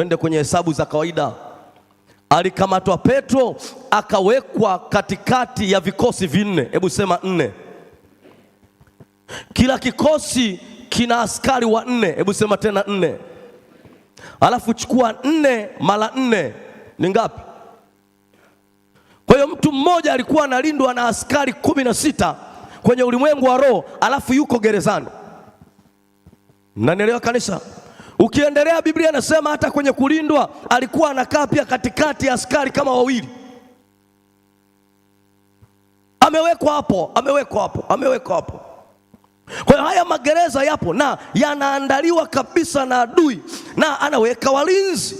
Twende kwenye hesabu za kawaida. Alikamatwa Petro akawekwa katikati ya vikosi vinne. Hebu sema nne. Kila kikosi kina askari wa nne. Hebu sema tena nne. Alafu chukua nne mara nne ni ngapi? Kwa hiyo mtu mmoja alikuwa analindwa na askari kumi na sita kwenye ulimwengu wa roho, alafu yuko gerezani. Nanielewa kanisa? Ukiendelea Biblia inasema hata kwenye kulindwa alikuwa anakaa pia katikati ya askari kama wawili. Amewekwa hapo, amewekwa hapo, amewekwa hapo. Kwa hiyo haya magereza yapo na yanaandaliwa kabisa na adui, na anaweka walinzi.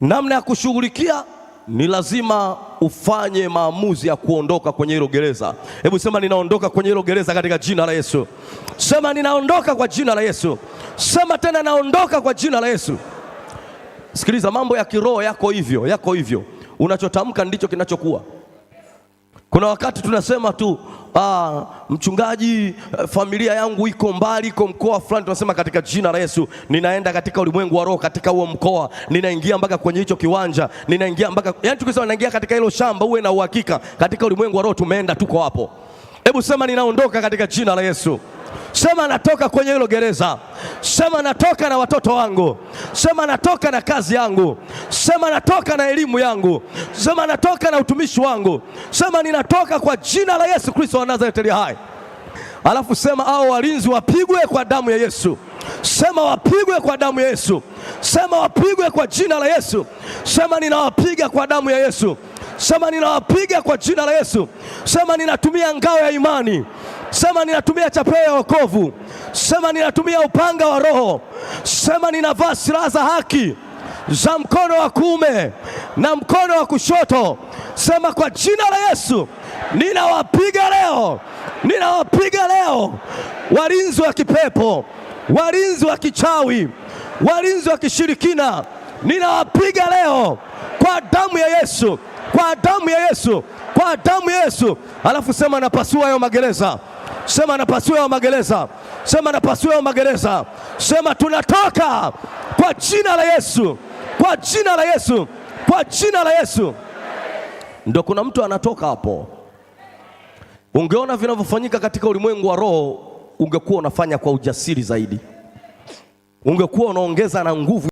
Namna ya kushughulikia ni lazima ufanye maamuzi ya kuondoka kwenye hilo gereza. Hebu sema ninaondoka kwenye hilo gereza katika jina la Yesu. Sema ninaondoka kwa jina la Yesu. Sema tena, naondoka kwa jina la Yesu. Sikiliza, mambo ya kiroho yako hivyo, yako hivyo. Unachotamka ndicho kinachokuwa. Kuna wakati tunasema tu ah, mchungaji, eh, familia yangu iko mbali, iko mkoa fulani. Tunasema katika jina la Yesu, ninaenda katika ulimwengu wa roho, katika huo mkoa, ninaingia mpaka kwenye hicho kiwanja, ninaingia mpaka yani, tukisema naingia katika hilo shamba, uwe na uhakika katika ulimwengu wa roho tumeenda, tuko hapo. Hebu sema, ninaondoka katika jina la Yesu. Sema natoka kwenye hilo gereza. Sema natoka na watoto wangu. Sema natoka na kazi yangu. Sema natoka na elimu yangu. Sema natoka na utumishi wangu. Sema ninatoka kwa jina la Yesu Kristo wa Nazareti hai. Alafu sema hao walinzi wapigwe kwa damu ya Yesu. Sema wapigwe kwa damu ya Yesu. Sema wapigwe kwa jina la Yesu. Sema ninawapiga kwa damu ya Yesu. Sema ninawapiga kwa jina la Yesu. Sema ninatumia ngao ya imani Sema ninatumia chapeo ya wokovu. Sema ninatumia upanga wa Roho. Sema ninavaa silaha za haki za mkono wa kuume na mkono wa kushoto. Sema kwa jina la Yesu ninawapiga leo, ninawapiga leo walinzi wa kipepo, walinzi wa kichawi, walinzi wa kishirikina, ninawapiga leo kwa damu ya Yesu, kwa damu ya Yesu, kwa damu ya Yesu. Alafu sema napasua hayo magereza. Sema napasua magereza, sema napasua magereza, sema tunatoka kwa jina la Yesu, kwa jina la Yesu, kwa jina la Yesu. Ndio kuna mtu anatoka hapo. Ungeona vinavyofanyika katika ulimwengu wa roho, ungekuwa unafanya kwa ujasiri zaidi, ungekuwa unaongeza na nguvu.